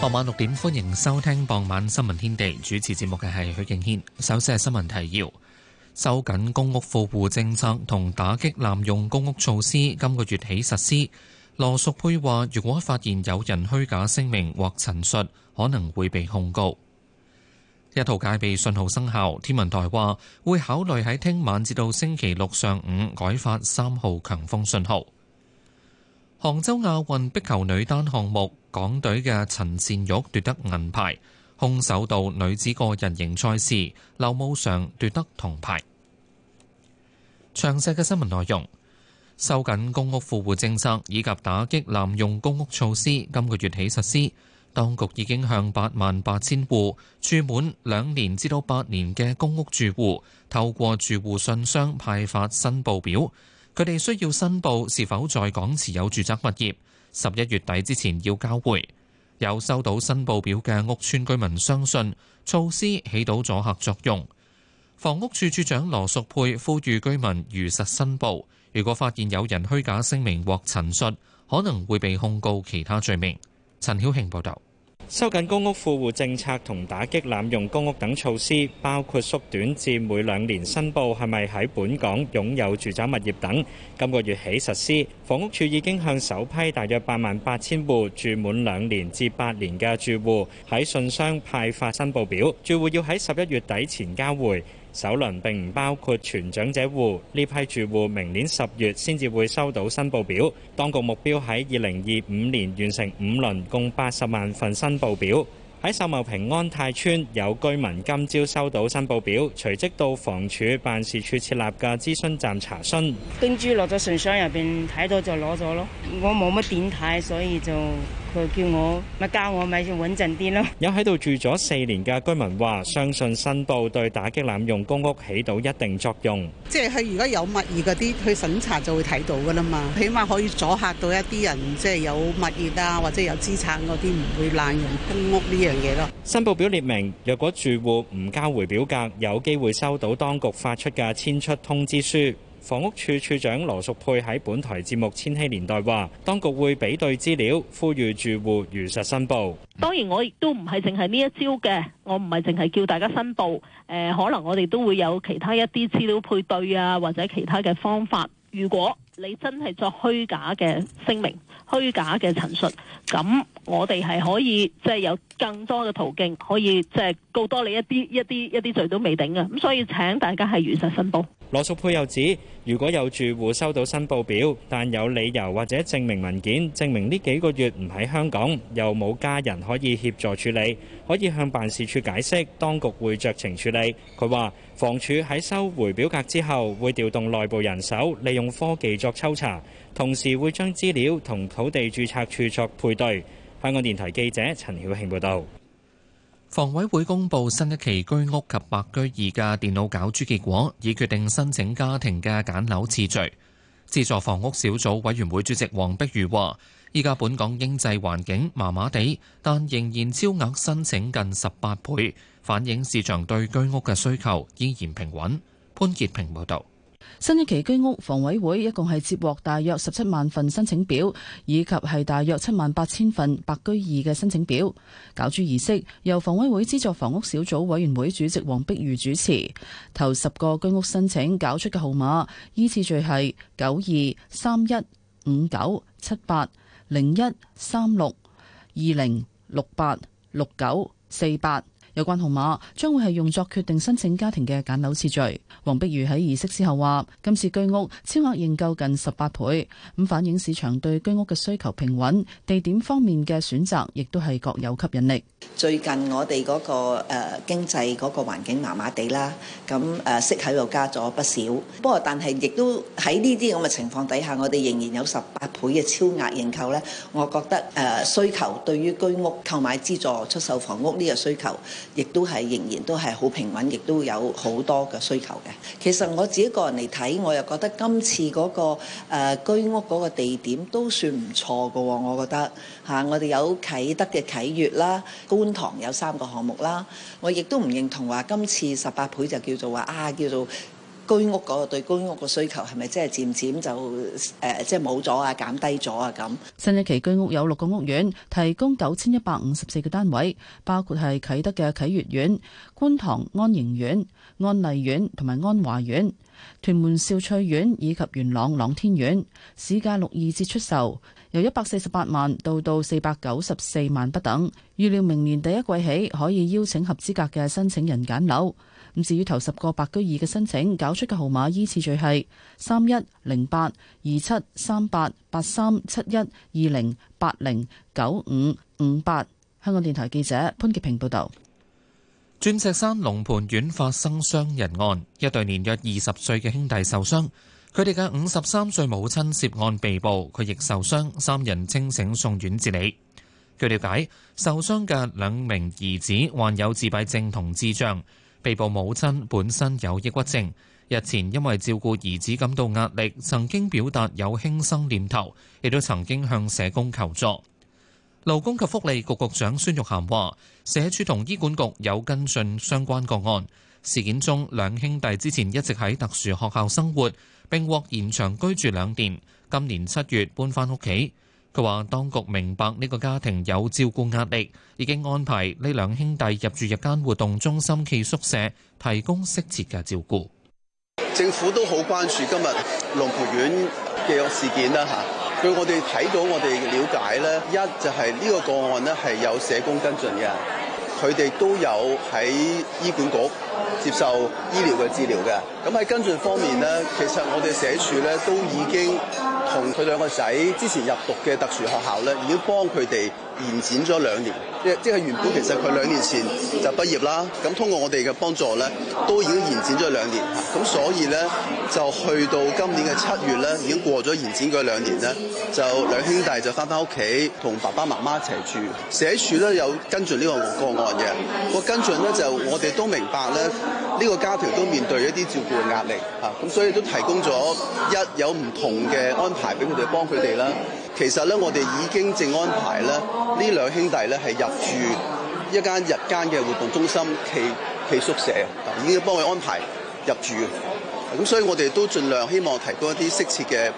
傍晚六點，歡迎收聽傍晚新聞天地。主持節目嘅係許敬軒。首先係新聞提要：收緊公屋富戶政策同打擊濫用公屋措施，今個月起實施。羅淑佩話，如果發現有人虛假聲明或陳述，可能會被控告。一號戒備信號生效，天文台話會考慮喺聽晚至到星期六上午改發三號強風信號。杭州亞運壁球女單項目。港隊嘅陳善玉奪得銀牌，空手道女子個人型賽事劉慕常奪得銅牌。詳細嘅新聞內容，收緊公屋富戶政策以及打擊濫用公屋措施，今個月起實施。當局已經向八萬八千戶住滿兩年至到八年嘅公屋住戶，透過住戶信箱派發申報表，佢哋需要申報是否在港持有住宅物業。十一月底之前要交回，有收到申報表嘅屋邨居民相信措施起到阻嚇作用。房屋署署長羅淑佩呼籲居民如實申報，如果發現有人虛假聲明或陳述，可能會被控告其他罪名。陳曉慶報道。收緊公屋富戶政策同打擊濫用公屋等措施，包括縮短至每兩年申報，係咪喺本港擁有住宅物業等。今個月起實施，房屋署已經向首批大約八萬八千戶住滿兩年至八年嘅住戶喺信箱派發申報表，住戶要喺十一月底前交回。首輪並唔包括全長者戶呢批住戶，明年十月先至會收到申報表。當局目標喺二零二五年完成五輪，共八十萬份申報表。喺秀茂坪安泰村有居民今朝收到申報表，隨即到房署辦事處設立嘅諮詢站查詢。跟住落咗信箱入邊睇到就攞咗咯，我冇乜點睇，所以就。.佢叫我咪交，我咪穩陣啲咯。有喺度住咗四年嘅居民話：相信申報對打擊濫用公屋起到一定作用。即係佢如果有物業嗰啲，佢審查就會睇到噶啦嘛。起碼可以阻嚇到一啲人，即係有物業啊或者有資產嗰啲唔會濫用公屋呢樣嘢咯。申報表列明，若果住戶唔交回表格，有機會收到當局發出嘅遷出通知書。房屋署署長羅淑佩喺本台節目《千禧年代》話，當局會比對資料，呼籲住戶如實申報。當然我，我亦都唔係淨係呢一招嘅，我唔係淨係叫大家申報。誒、呃，可能我哋都會有其他一啲資料配對啊，或者其他嘅方法。如果你真係作虛假嘅聲明、虛假嘅陳述，咁我哋係可以即係、就是、有更多嘅途徑，可以即係告多你一啲一啲一啲罪都未定嘅。咁所以請大家係如實申報。羅淑佩又指，如果有住戶收到申報表，但有理由或者證明文件證明呢幾個月唔喺香港，又冇家人可以協助處理，可以向辦事處解釋，當局會酌情處理。佢話，房署喺收回表格之後，會調動內部人手，利用科技作抽查，同時會將資料同土地註冊處作配對。香港電台記者陳曉慶報道。房委會公布新一期居屋及白居二嘅電腦攪珠結果，已決定申請家庭嘅揀樓次序。資助房屋小組委員會主席黃碧如話，依家本港經濟環境麻麻地，但仍然超額申請近十八倍，反映市場對居屋嘅需求依然平穩。潘潔平報導。新一期居屋房委會一共係接獲大約十七萬份申請表，以及係大約七萬八千份白居二嘅申請表。攪珠儀式由房委會資助房屋小組委員會主席黃碧如主持，頭十個居屋申請攪出嘅號碼依次序係九二三一五九七八零一三六二零六八六九四八。有關號碼將會係用作決定申請家庭嘅揀樓次序。黃碧如喺儀式之後話：今次居屋超額認購近十八倍，咁反映市場對居屋嘅需求平穩。地點方面嘅選擇亦都係各有吸引力。最近我哋嗰個誒，經濟嗰個環境麻麻地啦，咁誒，息口又加咗不少。不過但係亦都喺呢啲咁嘅情況底下，我哋仍然有十八倍嘅超額認購咧。我覺得誒，需求對於居屋購買資助出售房屋呢個需求，亦都係仍然都係好平穩，亦都有好多嘅需求嘅。其實我自己個人嚟睇，我又覺得今次嗰、嗰個、呃、居屋嗰個地點都算唔錯嘅喎，我覺得嚇、啊。我哋有啟德嘅啟悦啦，觀塘有三個項目啦。我亦都唔認同話今次十八倍就叫做話啊，叫做。居屋嗰個對居屋個需求係咪即係漸漸就誒、呃、即係冇咗啊，減低咗啊咁？新一期居屋有六個屋苑，提供九千一百五十四個單位，包括係啟德嘅啟悦苑、觀塘安盈苑、安麗苑同埋安華苑、屯門兆翠苑以及元朗朗天苑，市價六二折出售，由一百四十八萬到到四百九十四萬不等，預料明年第一季起可以邀請合資格嘅申請人揀樓。咁至於頭十個白居二嘅申請搞出嘅號碼依次序係三一零八二七三八八三七一二零八零九五五八。香港電台記者潘潔平報導，鑽石山龍蟠苑發生傷人案，一對年約二十歲嘅兄弟受傷，佢哋嘅五十三歲母親涉案被捕，佢亦受傷，三人清醒送院治理。據了解，受傷嘅兩名兒子患有自閉症同智障。被捕母親本身有抑鬱症，日前因為照顧兒子感到壓力，曾經表達有輕生念頭，亦都曾經向社工求助。勞工及福利局局長孫玉菡話，社署同醫管局有跟進相關個案。事件中，兩兄弟之前一直喺特殊學校生活，並獲延長居住兩年。今年七月搬返屋企。佢話：當局明白呢個家庭有照顧壓力，已經安排呢兩兄弟入住日間活動中心暨宿舍，提供適切嘅照顧。政府都好關注今日龍湖苑嘅事件啦，嚇、啊！據我哋睇到，我哋了解咧，一就係呢個個案呢係有社工跟進嘅，佢哋都有喺醫管局，接受醫療嘅治療嘅，咁喺跟進方面咧，其實我哋社署咧都已經同佢兩個仔之前入讀嘅特殊學校咧，已經幫佢哋延展咗兩年。即即係原本其實佢兩年前就畢業啦，咁通過我哋嘅幫助咧，都已經延展咗兩年。咁所以咧，就去到今年嘅七月咧，已經過咗延展兩年咧，就兩兄弟就翻返屋企同爸爸媽媽一齊住。社署咧有跟進呢個個案嘅，個跟進咧就我哋都明白咧，呢個家庭都面對一啲照顧嘅壓力，啊，咁所以都提供咗一有唔同嘅安排俾佢哋幫佢哋啦。其實咧，我哋已經正安排咧，呢兩兄弟咧係入住一間日間嘅活動中心，企企宿舍啊，已經幫佢安排入住咁、啊、所以我哋都盡量希望提供一啲適切嘅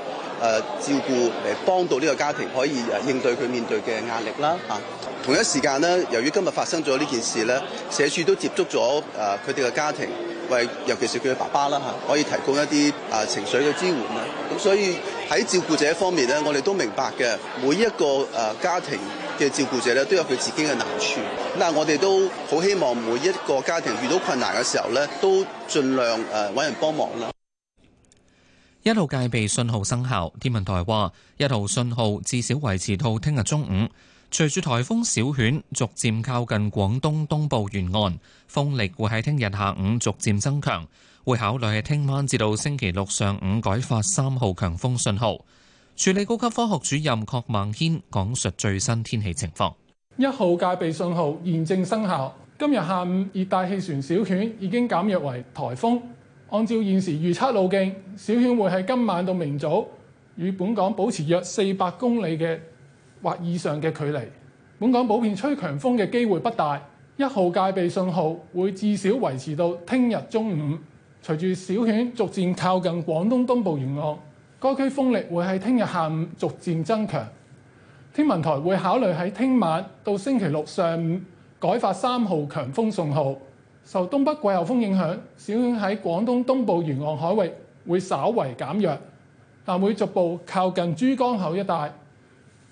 誒照顧嚟幫到呢個家庭可以、啊、應對佢面對嘅壓力啦，啊。同一時間咧，由於今日發生咗呢件事咧，社署都接觸咗誒佢哋嘅家庭，為尤其是佢嘅爸爸啦嚇，可以提供一啲誒情緒嘅支援啦。咁所以喺照顧者方面咧，我哋都明白嘅，每一個誒家庭嘅照顧者咧都有佢自己嘅難處。但我哋都好希望每一個家庭遇到困難嘅時候咧，都盡量誒搵人幫忙啦。一號戒備信號生效，天文台話一號信號至少維持到聽日中午。隨住颱風小犬逐漸靠近廣東東部沿岸，風力會喺聽日下午逐漸增強，會考慮喺聽晚至到星期六上午改發三號強風信號。助理高級科學主任霍孟軒講述最新天氣情況，一號戒備信號現正生效。今日下午，熱帶氣旋小犬已經減弱為颱風。按照現時預測路徑，小犬會喺今晚到明早與本港保持約四百公里嘅。或以上嘅距離，本港普遍吹強風嘅機會不大，一號戒備信號會至少維持到聽日中午。隨住小犬逐漸靠近廣東東部沿岸，該區風力會喺聽日下午逐漸增強。天文台會考慮喺聽晚到星期六上午改發三號強風信號。受東北季候風影響，小犬喺廣東東部沿岸海域會稍為減弱，但會逐步靠近珠江口一帶。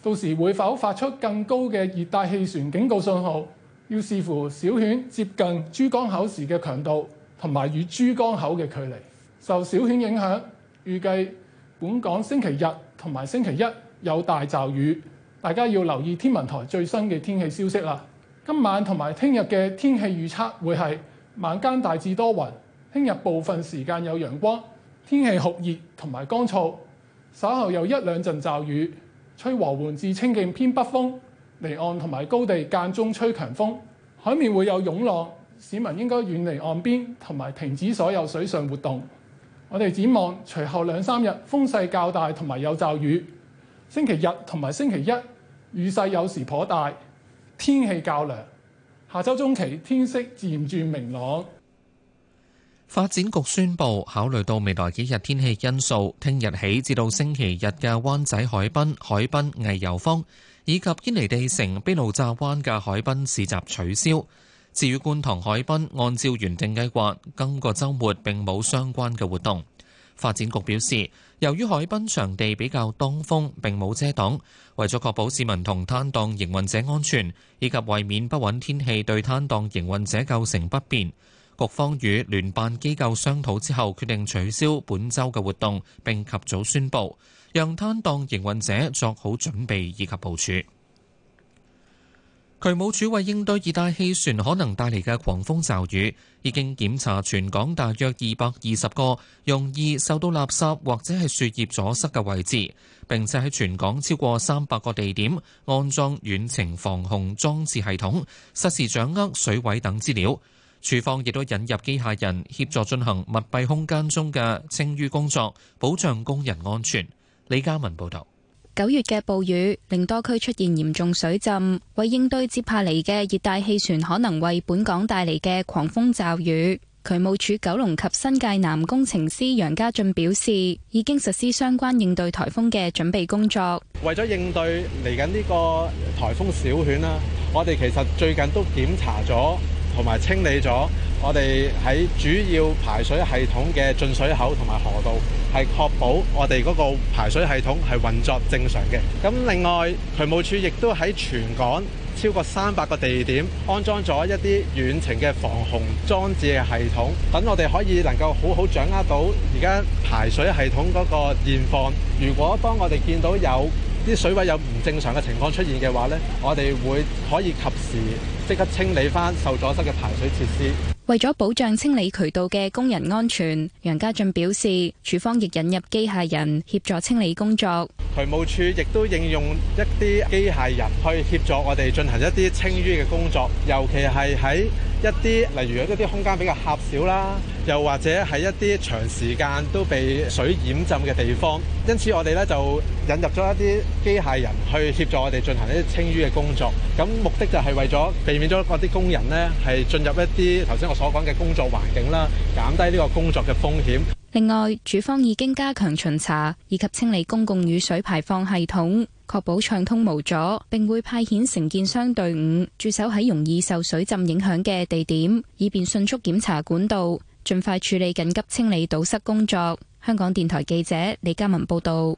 到時會否發出更高嘅熱帶氣旋警告信號？要視乎小犬接近珠江口時嘅強度同埋與珠江口嘅距離。受小犬影響，預計本港星期日同埋星期一有大驟雨，大家要留意天文台最新嘅天氣消息啦。今晚同埋聽日嘅天氣預測會係晚間大致多雲，聽日部分時間有陽光，天氣酷熱同埋乾燥，稍後有一兩陣驟雨。吹和緩至清勁偏北風，離岸同埋高地間中吹強風，海面會有湧浪，市民應該遠離岸邊同埋停止所有水上活動。我哋展望隨後兩三日風勢較大同埋有驟雨，星期日同埋星期一雨勢有時頗大，天氣較涼。下週中期天色漸轉明朗。發展局宣布，考慮到未來幾日天氣因素，聽日起至到星期日嘅灣仔海濱、海濱藝遊坊以及堅尼地城、卑路乍灣嘅海濱市集取消。至於觀塘海濱，按照原定計劃，今個周末並冇相關嘅活動。發展局表示，由於海濱場地比較當風並冇遮擋，為咗確保市民同攤檔營運者安全，以及為免不穩天氣對攤檔營運者構成不便。局方與聯辦機構商討之後，決定取消本周嘅活動並及早宣布，讓攤檔營運者作好準備以及部署。渠務署為應對熱帶氣旋可能帶嚟嘅狂風驟雨，已經檢查全港大約二百二十個容易受到垃圾或者係樹葉阻塞嘅位置，並且喺全港超過三百個地點安裝遠程防洪裝置系統，實時掌握水位等資料。署方亦都引入機械人協助進行密閉空間中嘅清淤工作，保障工人安全。李嘉文報道。九月嘅暴雨令多區出現嚴重水浸，為應對接下嚟嘅熱帶氣旋可能為本港帶嚟嘅狂風驟雨，渠務署九龍及新界南工程師楊家俊表示，已經實施相關應對颱風嘅準備工作。為咗應對嚟緊呢個颱風小犬啦，我哋其實最近都檢查咗。同埋清理咗我哋喺主要排水系統嘅進水口同埋河道，係確保我哋嗰個排水系統係運作正常嘅。咁另外，渠務署亦都喺全港超過三百個地點安裝咗一啲遠程嘅防洪裝置嘅系統，等我哋可以能夠好好掌握到而家排水系統嗰個現況。如果當我哋見到有啲水位有唔正常嘅情況出現嘅話呢，我哋會可以及時即刻清理翻受阻塞嘅排水設施。為咗保障清理渠道嘅工人安全，楊家俊表示，處方亦引入機械人協助清理工作。渠務處亦都應用一啲機械人去協助我哋進行一啲清淤嘅工作，尤其係喺，一啲例如一啲空間比較狹小啦，又或者喺一啲長時間都被水淹浸嘅地方，因此我哋咧就引入咗一啲機械人去協助我哋進行一啲清淤嘅工作。咁目的就係為咗避免咗嗰啲工人咧，係進入一啲頭先我所講嘅工作環境啦，減低呢個工作嘅風險。另外，主方已經加強巡查以及清理公共雨水排放系統。確保暢通無阻，並會派遣承建商隊伍駐守喺容易受水浸影響嘅地點，以便迅速檢查管道，盡快處理緊急清理堵塞工作。香港電台記者李嘉文報道。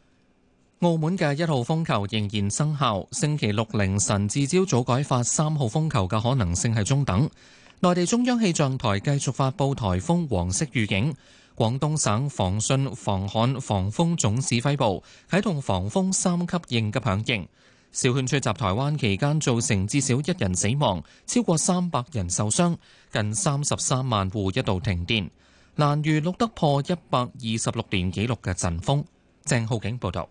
澳門嘅一號風球仍然生效，星期六凌晨至朝早，早改發三號風球嘅可能性係中等。內地中央氣象臺繼續發布台風黃色預警。廣東省防汛防旱防風總指揮部啟動防風三級應急響應。小犬吹襲台灣期間，造成至少一人死亡，超過三百人受傷，近三十三萬戶一度停電。蘭嶼錄得破一百二十六年紀錄嘅陣風。鄭浩景報導。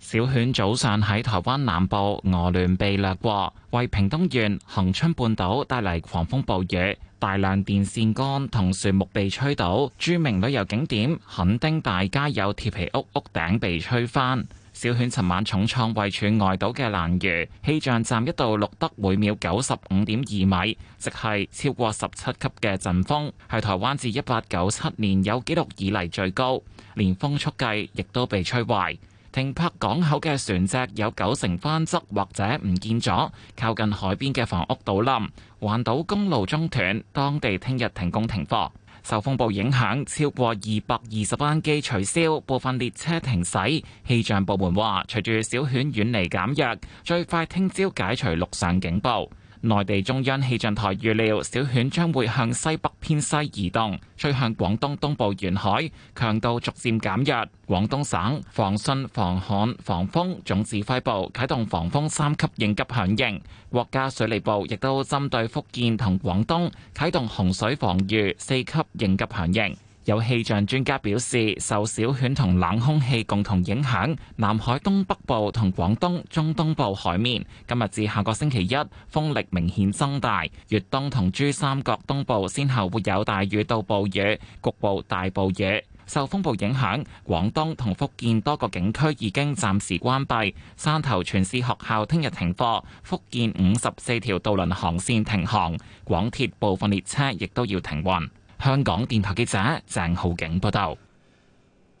小犬早上喺台灣南部鵝鑾鼻掠過，為屏東縣恆春半島帶嚟狂風暴雨。大量電線杆同樹木被吹倒，著名旅遊景點墾丁大街有鐵皮屋屋頂被吹翻。小犬尋晚重創位處外島嘅蘭嶼氣象站，一度錄得每秒九十五點二米，即係超過十七級嘅陣風，係台灣自一八九七年有記錄以嚟最高。連風速計亦都被吹壞。停泊港口嘅船隻有九成翻側或者唔見咗，靠近海邊嘅房屋倒冧，環島公路中斷，當地聽日停工停課。受風暴影響，超過二百二十班機取消，部分列車停駛。氣象部門話，隨住小犬遠離減弱，最快聽朝解除陸上警報。內地中央氣象台預料，小犬將會向西北偏西移動，趨向廣東東部沿海，強度逐漸減弱。廣東省防汛防旱防風總指揮部啟動防風三級應急響應，國家水利部亦都針對福建同廣東啟動洪水防禦四級應急響應。有氣象專家表示，受小犬同冷空氣共同影響，南海東北部同廣東中東部海面今日至下個星期一風力明顯增大，粵東同珠三角東部先後會有大雨到暴雨，局部大暴雨。受風暴影響，廣東同福建多個景區已經暫時關閉，汕頭全市學校聽日停課，福建五十四條渡輪航線停航，廣鐵部分列車亦都要停運。香港電台記者鄭浩景報道：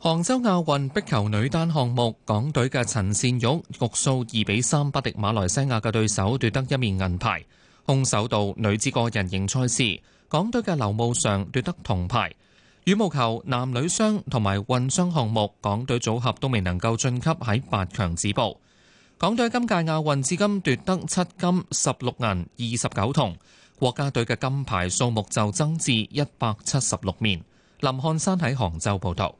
杭州亞運壁球女單項目，港隊嘅陳善玉局數二比三不敵馬來西亞嘅對手，奪得一面銀牌。空手道女子個人型賽事，港隊嘅劉慕裳奪得銅牌。羽毛球男女雙同埋混雙項目，港隊組合都未能夠晉級，喺八強止步。港隊今屆亞運至今奪得七金、十六銀、二十九銅。國家隊嘅金牌數目就增至一百七十六面。林漢山喺杭州報道，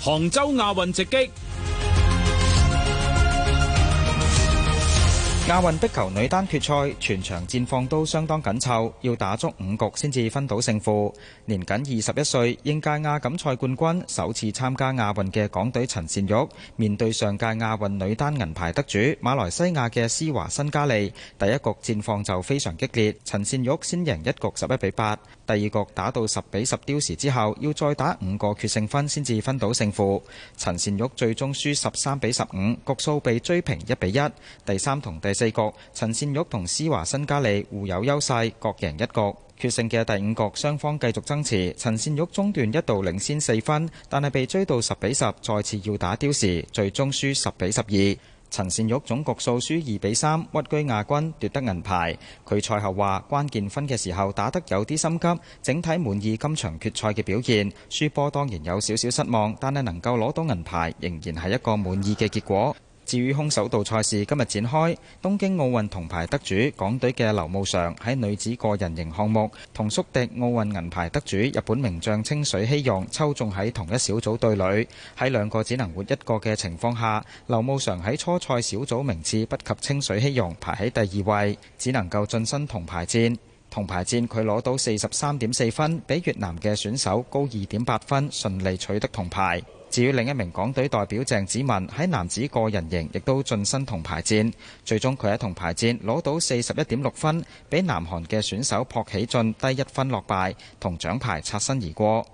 杭州亞運直擊。亞運壁球女單決賽全場戰況都相當緊湊，要打足五局先至分到勝負。年僅二十一歲，應屆亞錦賽冠軍，首次參加亞運嘅港隊陳善玉，面對上屆亞運女單銀牌得主馬來西亞嘅施華新加利，第一局戰況就非常激烈，陳善玉先贏一局十一比八，第二局打到十比十吊時之後，要再打五個決勝分先至分到勝負。陳善玉最終輸十三比十五，局數被追平一比一，第三同第。第四局，陳善玉同施華新加里互有優勢，各贏一局。決勝嘅第五局，雙方繼續爭持，陳善玉中段一度領先四分，但係被追到十比十，再次要打刁時，最終輸十比十二。陳善玉總局數輸二比三，屈居亞軍，奪得銀牌。佢賽後話：關鍵分嘅時候打得有啲心急，整體滿意今場決賽嘅表現。輸波當然有少少失望，但係能夠攞到銀牌，仍然係一個滿意嘅結果。至於空手道賽事今日展開，東京奧運銅牌得主港隊嘅劉慕裳喺女子個人型項目同宿敵奧運銀牌得主日本名將清水希容抽中喺同一小組隊裏，喺兩個只能活一個嘅情況下，劉慕裳喺初賽小組名次不及清水希容排喺第二位，只能夠晉身銅牌戰。銅牌戰佢攞到四十三點四分，比越南嘅選手高二點八分，順利取得銅牌。至於另一名港隊代表鄭子文喺男子個人型亦都晉身銅牌戰，最終佢喺銅牌戰攞到四十一點六分，比南韓嘅選手朴喜俊低一分落敗，同獎牌擦身而過。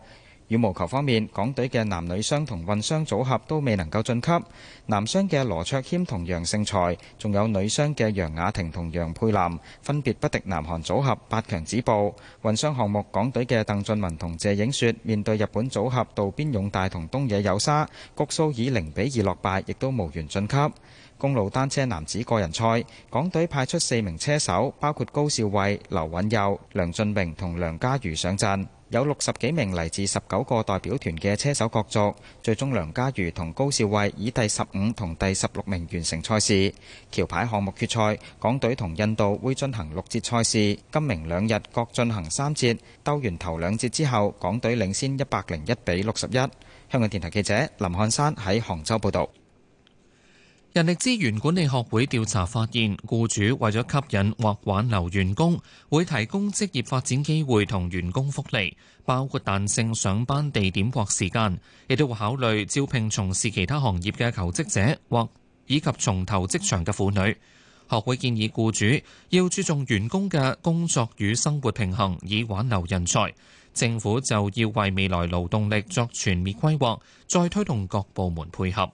羽毛球方面，港隊嘅男女雙同混雙組合都未能夠晉級。男雙嘅羅卓謙同楊勝才，仲有女雙嘅楊雅婷同楊佩琳，分別不敵南韓組合，八強止步。混雙項目，港隊嘅鄧俊文同謝影雪面對日本組合渡邊勇大同東野有沙，局數以零比二落敗，亦都無緣晉級。公路單車男子個人賽，港隊派出四名車手，包括高少偉、劉允佑、梁俊明同梁家瑜上陣。有六十幾名嚟自十九個代表團嘅車手角逐，最終梁家如同高少慧以第十五同第十六名完成賽事。橋牌項目決賽，港隊同印度會進行六節賽事，今明兩日各進行三節。鬥完頭兩節之後，港隊領先一百零一比六十一。香港電台記者林漢山喺杭州報導。人力資源管理學會調查發現，僱主為咗吸引或挽留員工，會提供職業發展機會同員工福利，包括彈性上班地點或時間，亦都會考慮招聘從事其他行業嘅求職者，或以及從投職場嘅婦女。學會建議，僱主要注重員工嘅工作與生活平衡，以挽留人才。政府就要為未來勞動力作全面規劃，再推動各部門配合。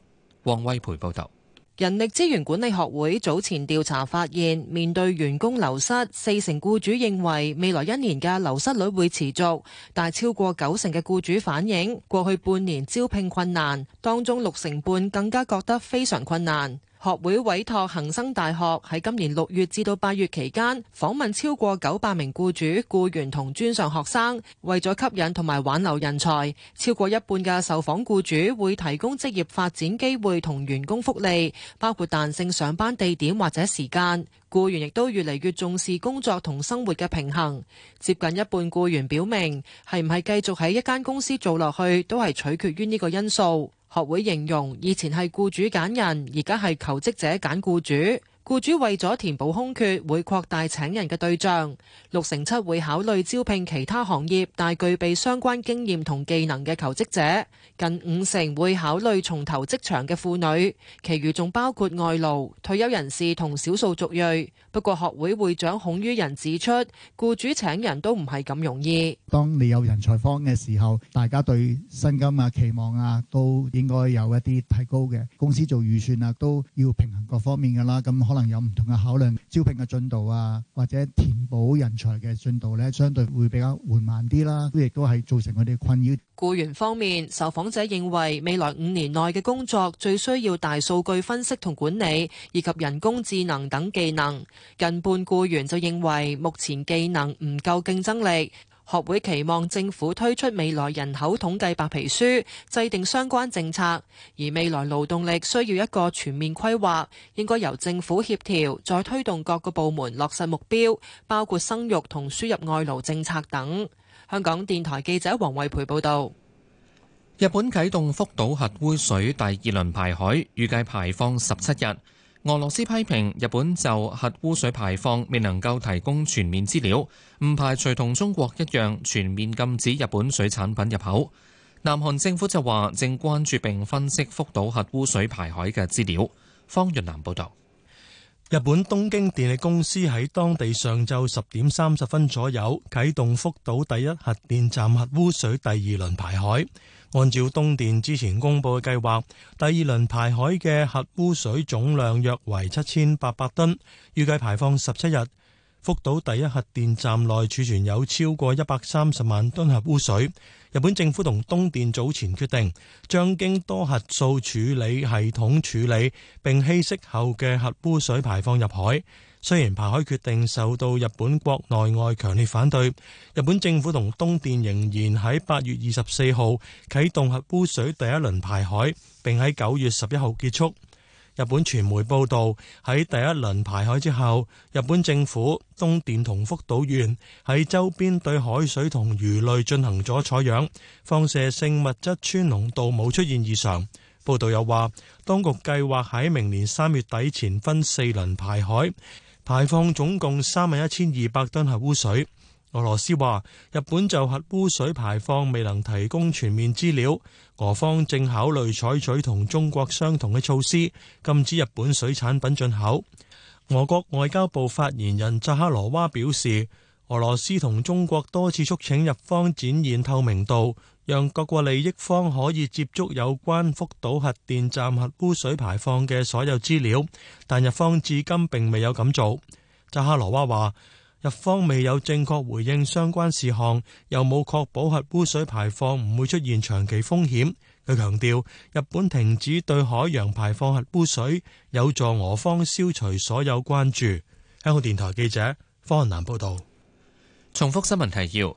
王威培報道。人力資源管理學會早前調查發現，面對員工流失，四成僱主認為未來一年嘅流失率會持續，但超過九成嘅僱主反映，過去半年招聘困難，當中六成半更加覺得非常困難。學會委託恒生大學喺今年六月至到八月期間訪問超過九百名僱主、僱員同專上學生，為咗吸引同埋挽留人才，超過一半嘅受訪僱主會提供職業發展機會同員工福利，包括彈性上班地點或者時間。僱員亦都越嚟越重視工作同生活嘅平衡，接近一半僱員表明係唔係繼續喺一間公司做落去都係取決於呢個因素。學會形容以前係雇主揀人，而家係求職者揀雇主。雇主為咗填補空缺，會擴大請人嘅對象。六成七會考慮招聘其他行業但具備相關經驗同技能嘅求職者，近五成會考慮重投職場嘅婦女，其餘仲包括外勞、退休人士同少數族裔。不過學會會長孔于仁指出，僱主請人都唔係咁容易。當你有人才荒嘅時候，大家對薪金啊期望啊都應該有一啲提高嘅。公司做預算啊都要平衡各方面噶啦，咁可能有唔同嘅考量。招聘嘅進度啊，或者填補人才嘅進度咧，相對會比較緩慢啲啦，亦都係造成我哋困擾。僱員方面，受訪者認為未來五年內嘅工作最需要大數據分析同管理以及人工智能等技能。近半僱員就認為目前技能唔夠競爭力，學會期望政府推出未來人口統計白皮書，制定相關政策。而未來勞動力需要一個全面規劃，應該由政府協調，再推動各個部門落實目標，包括生育同輸入外勞政策等。香港電台記者黃惠培報道。日本啟動福島核污水第二輪排海，預計排放十七日。俄羅斯批評日本就核污水排放未能夠提供全面資料，唔排除同中國一樣全面禁止日本水產品入口。南韓政府就話正關注並分析福島核污水排海嘅資料。方月南報導，日本東京電力公司喺當地上晝十點三十分左右啟動福島第一核電站核污水第二輪排海。按照東電之前公布嘅計劃，第二輪排海嘅核污水總量約為七千八百噸，預計排放十七日。福島第一核電站內儲存有超過一百三十萬噸核污水。日本政府同東電早前決定，將經多核素處理系統處理並稀釋後嘅核污水排放入海。雖然排海決定受到日本國內外強烈反對，日本政府同東電仍然喺八月二十四號啟動核污水第一輪排海，並喺九月十一號結束。日本傳媒報道，喺第一輪排海之後，日本政府、東電同福島縣喺周邊對海水同魚類進行咗採樣，放射性物質氚濃度冇出現異常。報道又話，當局計劃喺明年三月底前分四輪排海。排放總共三萬一千二百噸核污水。俄羅斯話，日本就核污水排放未能提供全面資料，俄方正考慮採取同中國相同嘅措施，禁止日本水產品進口。俄國外交部發言人扎哈羅娃表示，俄羅斯同中國多次促請日方展現透明度。讓各國利益方可以接觸有關福島核電站核污水排放嘅所有資料，但日方至今並未有咁做。扎哈羅娃話，日方未有正確回應相關事項，又冇確保核污水排放唔會出現長期風險。佢強調，日本停止對海洋排放核污水，有助俄方消除所有關注。香港電台記者方南報道。重複新聞提要。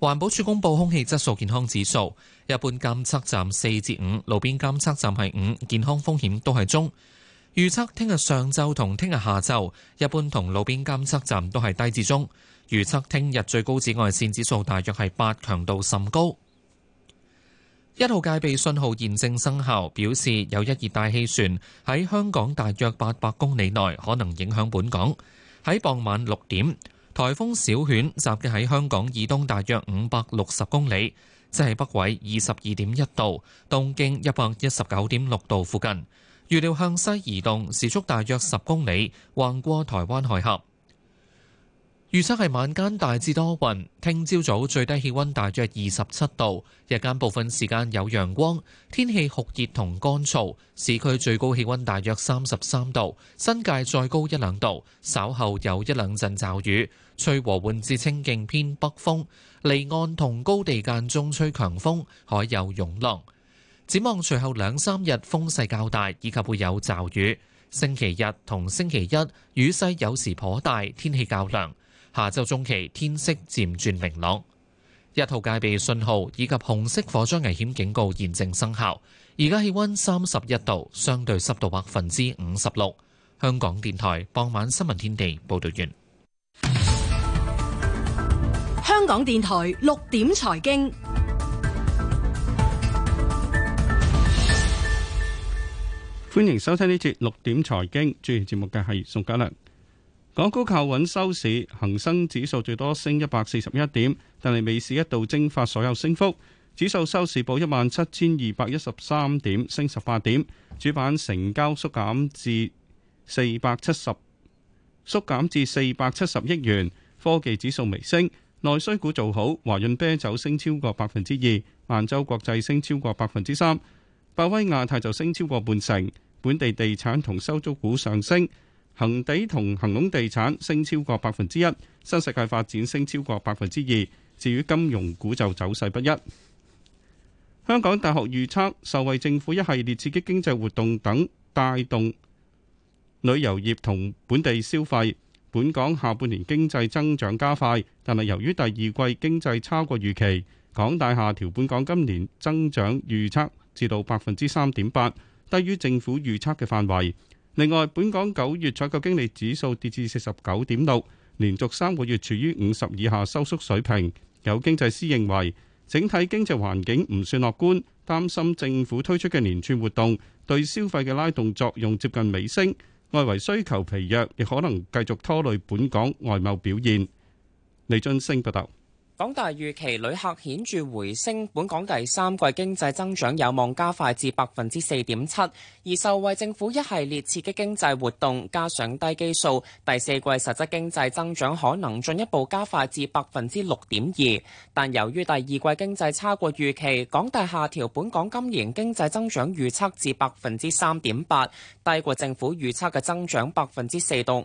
環保署公布空氣質素健康指數，一般監測站四至五，路邊監測站係五，健康風險都係中。預測聽日上晝同聽日下晝，一般同路邊監測站都係低至中。預測聽日最高紫外線指數大約係八，強度甚高。一號戒備信號現正生效，表示有一熱帶氣旋喺香港大約八百公里內，可能影響本港。喺傍晚六點。颱風小犬集結喺香港以東大約五百六十公里，即係北緯二十二點一度、東經一百一十九點六度附近。預料向西移動，時速大約十公里，橫過台灣海峽。預測係晚間大致多雲，聽朝早，早最低氣溫大約二十七度，日間部分時間有陽光，天氣酷熱同乾燥。市區最高氣溫大約三十三度，新界再高一兩度，稍後有一兩陣驟雨。吹和緩至清勁偏北風，離岸同高地間中吹強風，海有湧浪。展望隨後兩三日風勢較大，以及會有驟雨。星期日同星期一雨勢有時頗大，天氣較涼。下週中期天色漸轉明朗。一號戒備信號以及紅色火災危險警告現正生效。而家氣温三十一度，相對濕度百分之五十六。香港電台傍晚新聞天地報道完。香港電台六點財經，歡迎收聽呢節六點財經。主持節目嘅係宋嘉良。港股靠穩收市，恒生指數最多升一百四十一點，但係尾市一度蒸發所有升幅。指數收市報一萬七千二百一十三點，升十八點。主板成交縮減至四百七十，縮減至四百七十億元。科技指數微升。內需股做好，華潤啤酒升超過百分之二，萬洲國際升超過百分之三，百威亞太就升超過半成，本地地產同收租股上升，恒地同恒隆地產升超過百分之一，新世界發展升超過百分之二。至於金融股就走勢不一。香港大學預測，受惠政府一系列刺激經濟活動等，帶動旅遊業同本地消費。本港下半年經濟增長加快，但係由於第二季經濟差過預期，港大下調本港今年增長預測至到百分之三點八，低於政府預測嘅範圍。另外，本港九月採購經理指數跌至四十九點六，連續三個月處於五十以下收縮水平。有經濟師認為，整體經濟環境唔算樂觀，擔心政府推出嘅連串活動對消費嘅拉動作用接近尾聲。外圍需求疲弱，亦可能繼續拖累本港外貿表現。李俊升報道。港大預期旅客顯著回升，本港第三季經濟增長有望加快至百分之四點七，而受惠政府一系列刺激經濟活動，加上低基數，第四季實質經濟增長可能進一步加快至百分之六點二。但由於第二季經濟差過預期，港大下調本港今年經濟增長預測至百分之三點八，低過政府預測嘅增長百分之四到五。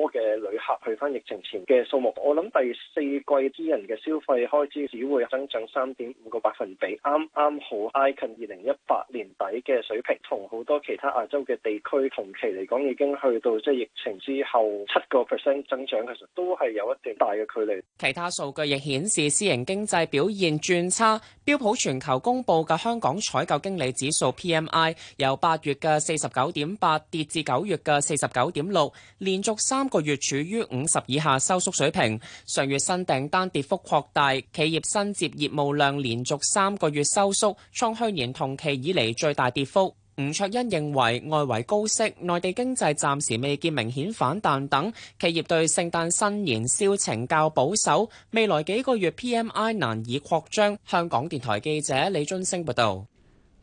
多嘅旅客去翻疫情前嘅數目，我諗第四季啲人嘅消費開支只會增長三點五個百分比，啱啱好挨近二零一八年底嘅水平，同好多其他亞洲嘅地區同期嚟講已經去到即係疫情之後七個 percent 增長，其實都係有一定大嘅距離。其他數據亦顯示私營經濟表現轉差，標普全球公佈嘅香港採購經理指數 PMI 由八月嘅四十九點八跌至九月嘅四十九點六，連續三個月處於五十以下收縮水平，上月新訂單跌幅擴大，企業新接業務量連續三個月收縮，創去年同期以嚟最大跌幅。吳卓欣認為，外圍高息、內地經濟暫時未見明顯反彈等，企業對聖誕新年銷情較保守，未來幾個月 PMI 難以擴張。香港電台記者李津升報道，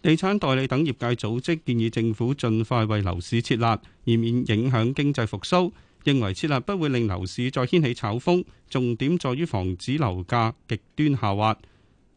地產代理等業界組織建議政府儘快為樓市設立，以免影響經濟復蘇。認為設立不會令樓市再掀起炒風，重點在於防止樓價極端下滑。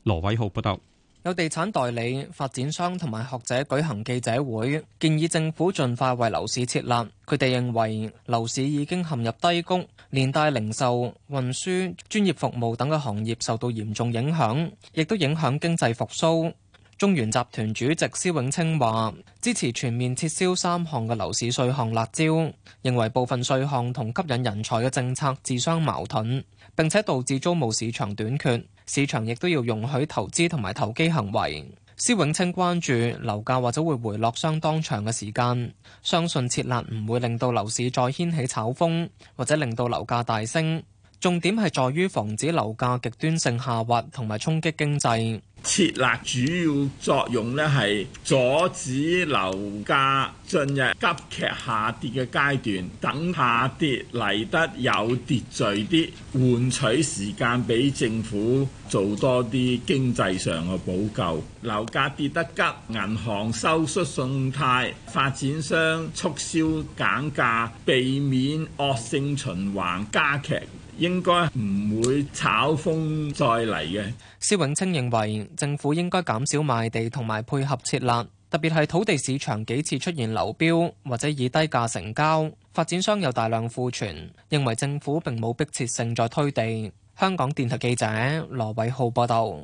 羅偉浩報道，有地產代理、發展商同埋學者舉行記者會，建議政府盡快為樓市設立。佢哋認為樓市已經陷入低谷，連帶零售、運輸、專業服務等嘅行業受到嚴重影響，亦都影響經濟復甦。中原集團主席施永青話：支持全面撤銷三項嘅樓市稅項辣招，認為部分稅項同吸引人才嘅政策自相矛盾，並且導致租務市場短缺。市場亦都要容許投資同埋投機行為。施永青關注樓價或者會回落相當長嘅時間，相信撤辣唔會令到樓市再掀起炒風，或者令到樓價大升。重點係在於防止樓價極端性下滑同埋衝擊經濟。設立主要作用咧係阻止樓價進入急劇下跌嘅階段，等下跌嚟得有秩序啲，換取時間俾政府做多啲經濟上嘅補救。樓價跌得急，銀行收縮信貸，發展商促銷減價，避免惡性循環加劇。應該唔會炒風再嚟嘅。施永青認為政府應該減少賣地同埋配合設立，特別係土地市場幾次出現流標或者以低價成交，發展商有大量庫存，認為政府並冇迫切性再推地。香港電台記者羅偉浩報道。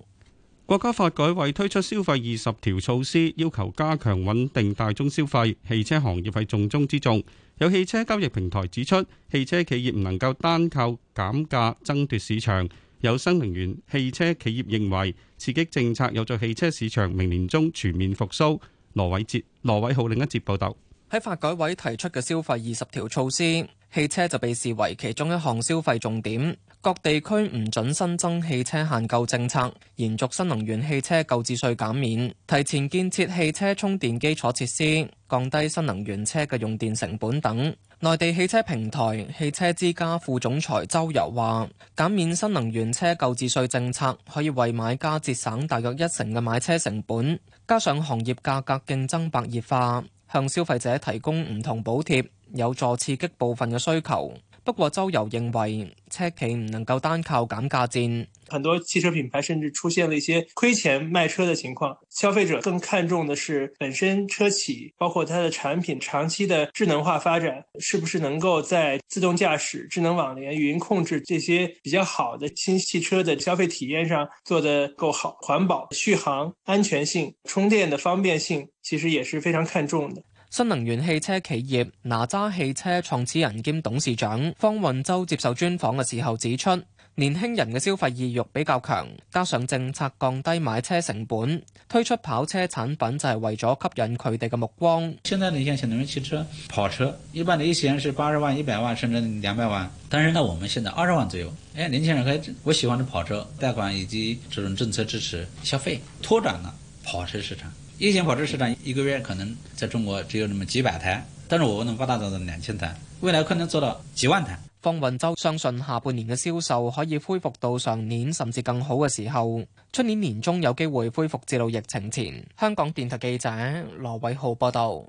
國家發改委推出消費二十條措施，要求加強穩定大宗消費，汽車行業係重中之重。有汽車交易平台指出，汽車企業唔能夠單靠減價爭奪市場。有新能源汽車企業認為，刺激政策有助汽車市場明年中全面復甦。羅偉哲、羅偉浩另一節報道。喺發改委提出嘅消費二十條措施，汽車就被視為其中一項消費重點。各地區唔准新增汽車限購政策，延續新能源汽車購置稅減免，提前建設汽車充電基礎設施，降低新能源車嘅用電成本等。內地汽車平台汽車之家副總裁周遊話：減免新能源車購置稅政策可以為買家節省大約一成嘅買車成本，加上行業價格競爭白熱化，向消費者提供唔同補貼，有助刺激部分嘅需求。不過周遊認為，車企唔能夠單靠減價戰。很多汽車品牌甚至出現了一些虧錢賣車的情況。消費者更看重的是本身車企，包括它的產品長期的智能化發展，是不是能夠在自動駕駛、智能網聯、雲控制這些比較好的新汽車的消費體驗上做得夠好。環保、續航、安全性、充電的方便性，其實也是非常看重的。新能源汽車企業哪吒汽車創始人兼董事長方運舟接受專訪嘅時候指出，年輕人嘅消費意欲比較強，加上政策降低買車成本，推出跑車產品就係為咗吸引佢哋嘅目光。現在呢件新能源汽車跑車，一般呢以前是八十萬、一百萬甚至兩百萬，但是到我們現在二十萬左右。誒、哎，年輕人可以，我喜歡啲跑車，貸款以及這種政策支持消費，拓展了跑車市場。一型火車市場一個月可能在中國只有那麼幾百台，但是我能擴大到兩千台，未來可能做到幾萬台。方雲洲相信下半年嘅銷售可以恢復到上年甚至更好嘅時候，出年年中有機會恢復至到疫情前。香港電台記者羅偉浩報道。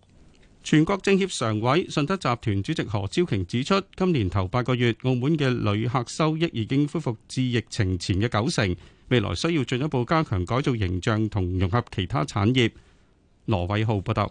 全國政協常委信德集團主席何超瓊指出，今年頭八個月，澳門嘅旅客收益已經恢復至疫情前嘅九成。未來需要進一步加強改造形象同融合其他產業。羅偉浩報道。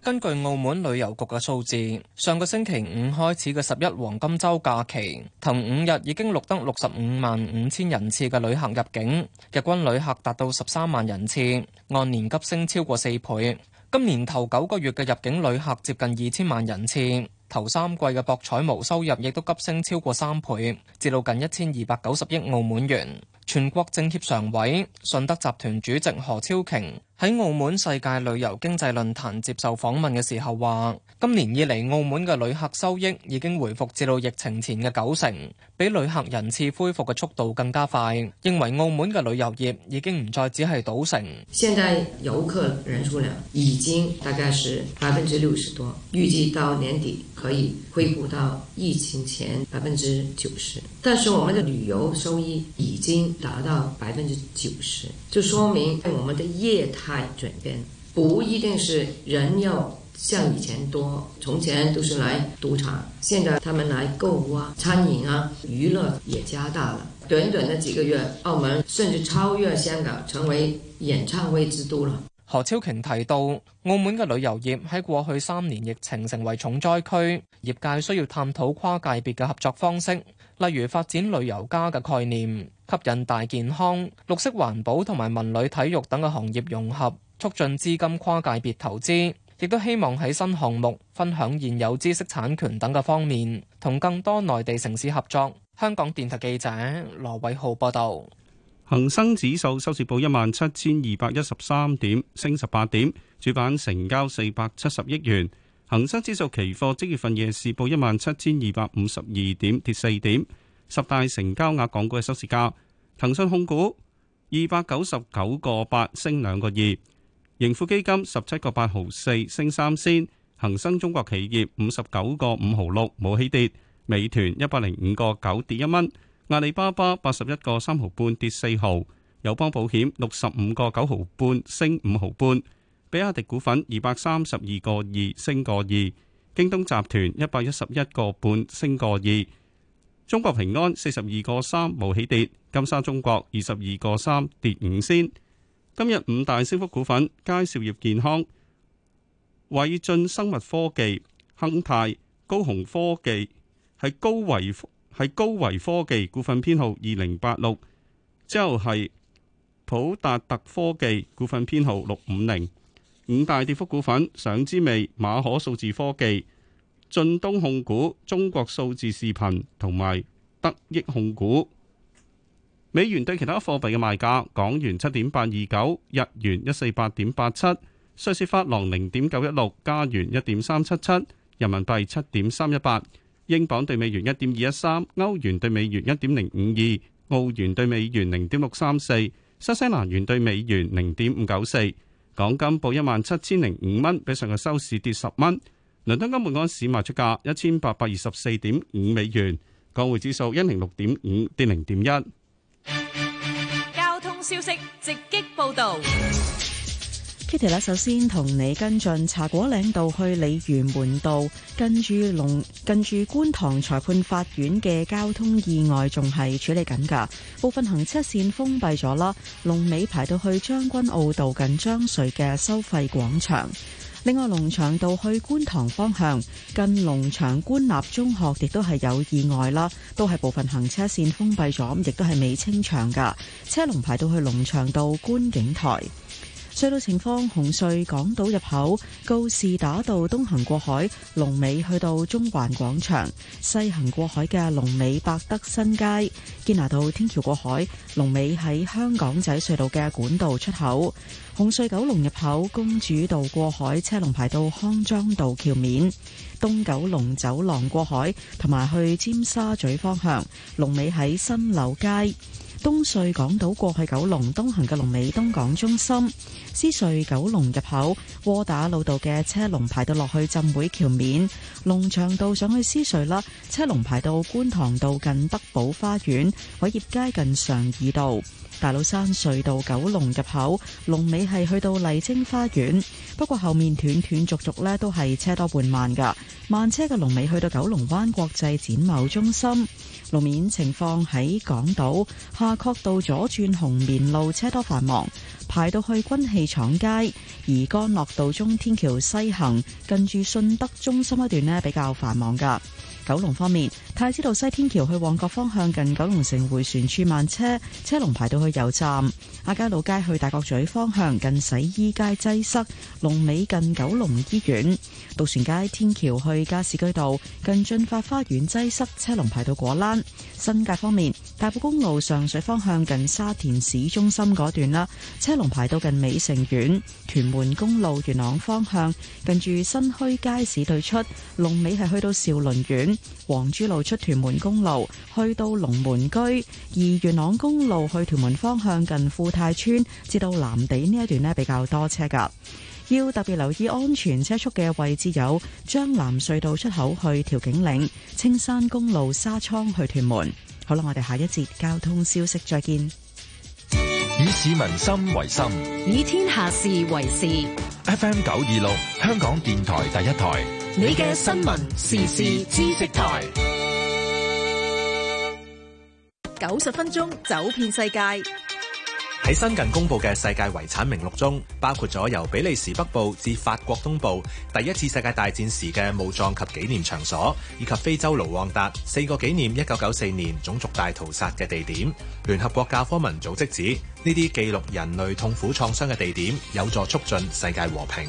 根據澳門旅遊局嘅數字，上個星期五開始嘅十一黃金周假期，頭五日已經錄得六十五萬五千人次嘅旅客入境，日均旅客達到十三萬人次，按年急升超過四倍。今年頭九個月嘅入境旅客接近二千萬人次。頭三季嘅博彩毛收入亦都急升超過三倍，至到近一千二百九十億澳門元。全國政協常委、信德集團主席何超瓊，喺澳門世界旅遊經濟論壇接受訪問嘅時候話，今年以嚟澳門嘅旅客收益已經回復至到疫情前嘅九成，比旅客人次恢復嘅速度更加快。認為澳門嘅旅遊業已經唔再只係賭城。現在遊客人數量已經大概是百分之六十多，預計到年底可以恢復到疫情前百分之九十。但是我們的旅遊收益已經達到百分之九十，就說明我們的業態。太轉變，不一定是人要像以前多。從前都是來賭場，現在他們來購物啊、餐飲啊、娛樂也加大了。短短的幾個月，澳門甚至超越香港，成為演唱會之都了。何超瓊提到，澳門嘅旅遊業喺過去三年疫情成為重災區，業界需要探討跨界別嘅合作方式，例如發展旅遊加嘅概念。吸引大健康、綠色環保同埋文旅體育等嘅行業融合，促進資金跨界別投資，亦都希望喺新項目、分享現有知識產權等嘅方面，同更多內地城市合作。香港電台記者羅偉浩報道。恒生指數收市報一萬七千二百一十三點，升十八點，主板成交四百七十億元。恒生指數期貨即月份夜市報一萬七千二百五十二點，跌四點。十大成交額港股嘅收市價：騰訊控股二百九十九個八升兩個二，盈富基金十七個八毫四升三仙，恒生中國企業五十九個五毫六冇起跌，美團一百零五個九跌一蚊，阿里巴巴八十一個三毫半跌四毫，友邦保險六十五個九毫半升五毫半，比亞迪股份二百三十二個二升個二，京東集團一百一十一個半升個二。中國平安四十二個三無起跌，金沙中國二十二個三跌五仙。今日五大升幅股份：佳兆業健康、偉俊生物科技、亨泰、高雄科技，係高維，係高維科技股份編號二零八六。之後係普達特科技股份編號六五零。五大跌幅股份：上之味、馬可數字科技。駿東控股、中國數字視頻同埋得益控股。美元對其他貨幣嘅賣價：港元七點八二九，日元一四八點八七，瑞士法郎零點九一六，加元一點三七七，人民幣七點三一八，英鎊對美元一點二一三，歐元對美元一點零五二，澳元對美元零點六三四，新西蘭元對美元零點五九四。港金報一萬七千零五蚊，比上個收市跌十蚊。倫敦金每盎司賣出價一千八百二十四點五美元，港匯指數一零六點五跌零點一。交通消息直擊報道，Kitty 啦，Katie, 首先同你跟進茶果嶺道去鯉魚門道，近住龍近住觀塘裁判法院嘅交通意外仲係處理緊噶，部分行車線封閉咗啦，龍尾排到去將軍澳道近張穗嘅收費廣場。另外，龍翔道去觀塘方向，近龍翔官立中學亦都係有意外啦，都係部分行車線封閉咗，亦都係未清場㗎，車龍排到去龍翔道觀景台。隧道情況：紅隧港島入口告士打道東行過海，龍尾去到中環廣場；西行過海嘅龍尾百德新街，堅拿道天橋過海，龍尾喺香港仔隧道嘅管道出口；紅隧九龍入口公主道過海，車龍排到康莊道橋面；東九龍走廊過海同埋去尖沙咀方向，龍尾喺新樓街。東隧港島過去九龍東行嘅龍尾東港中心，獅隧九龍入口窩打老道嘅車龍排到落去浸會橋面，龍翔道上去獅隧啦，車龍排到觀塘道近德寶花園，偉業街近上二道。大老山隧道九龍入口龍尾係去到麗晶花園，不過，後面斷斷續續咧都係車多緩慢噶。慢車嘅龍尾去到九龍灣國際展貿中心。路面情況喺港島下角道左轉紅棉路車多繁忙，排到去軍器廠街，而干諾道中天橋西行近住信德中心一段呢，比較繁忙噶。九龍方面，太子道西天橋去旺角方向近九龍城回旋處慢車，車龍排到去油站；亞皆老街去大角咀方向近洗衣街擠塞，龍尾近九龍醫院；渡船街天橋去加士居道近駿發花園擠塞，車龍排到果欄。新界方面，大埔公路上水方向近沙田市中心嗰段啦，車龍排到近美城苑；屯門公路元朗方向近住新墟街市對出，龍尾係去到兆麟苑。黃珠路出屯門公路去到龍門居，而元朗公路去屯門方向近富泰村至到藍地呢一段呢比較多車㗎，要特別留意安全車速嘅位置有將南隧道出口去調景嶺、青山公路沙倉去屯門。好啦，我哋下一節交通消息再見。以市民心為心，以天下事為事。FM 九二六，香港電台第一台。你嘅新聞時事知識台，九十分鐘走遍世界。喺新近公布嘅世界遺產名錄中，包括咗由比利時北部至法國東部第一次世界大戰時嘅墓葬及紀念場所，以及非洲盧旺達四個紀念一九九四年種族大屠殺嘅地點。聯合國教科文組織指，呢啲記錄人類痛苦創傷嘅地點，有助促進世界和平。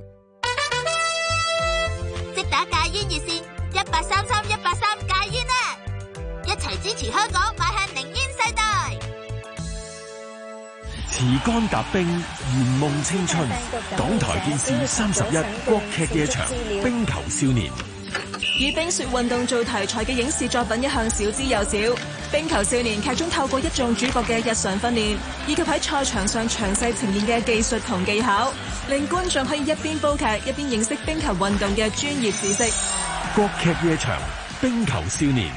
支持香港邁向明煙世代。持杆踏冰，圓夢青春。港台電視三十一，國劇夜場《冰球少年》。以冰雪運動做題材嘅影視作品一向少之又少，《冰球少年》劇中透過一眾主角嘅日常訓練，以及喺賽場上詳細呈現嘅技術同技巧，令觀眾可以一邊煲劇一邊認識冰球運動嘅專業知識。國劇夜場《冰球少年》。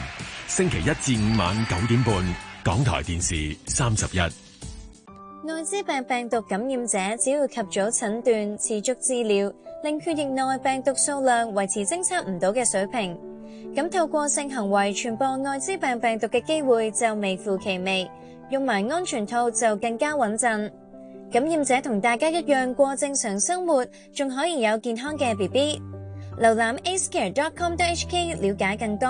星期一至五晚九點半，港台電視三十一。艾滋病病毒感染者只要及早診斷、持續治療，令血液內病毒數量維持偵測唔到嘅水平，咁透過性行為傳播艾滋病病毒嘅機會就微乎其微。用埋安全套就更加穩陣。感染者同大家一樣過正常生活，仲可以有健康嘅 B B。瀏覽 a s care d com d hk 了解更多。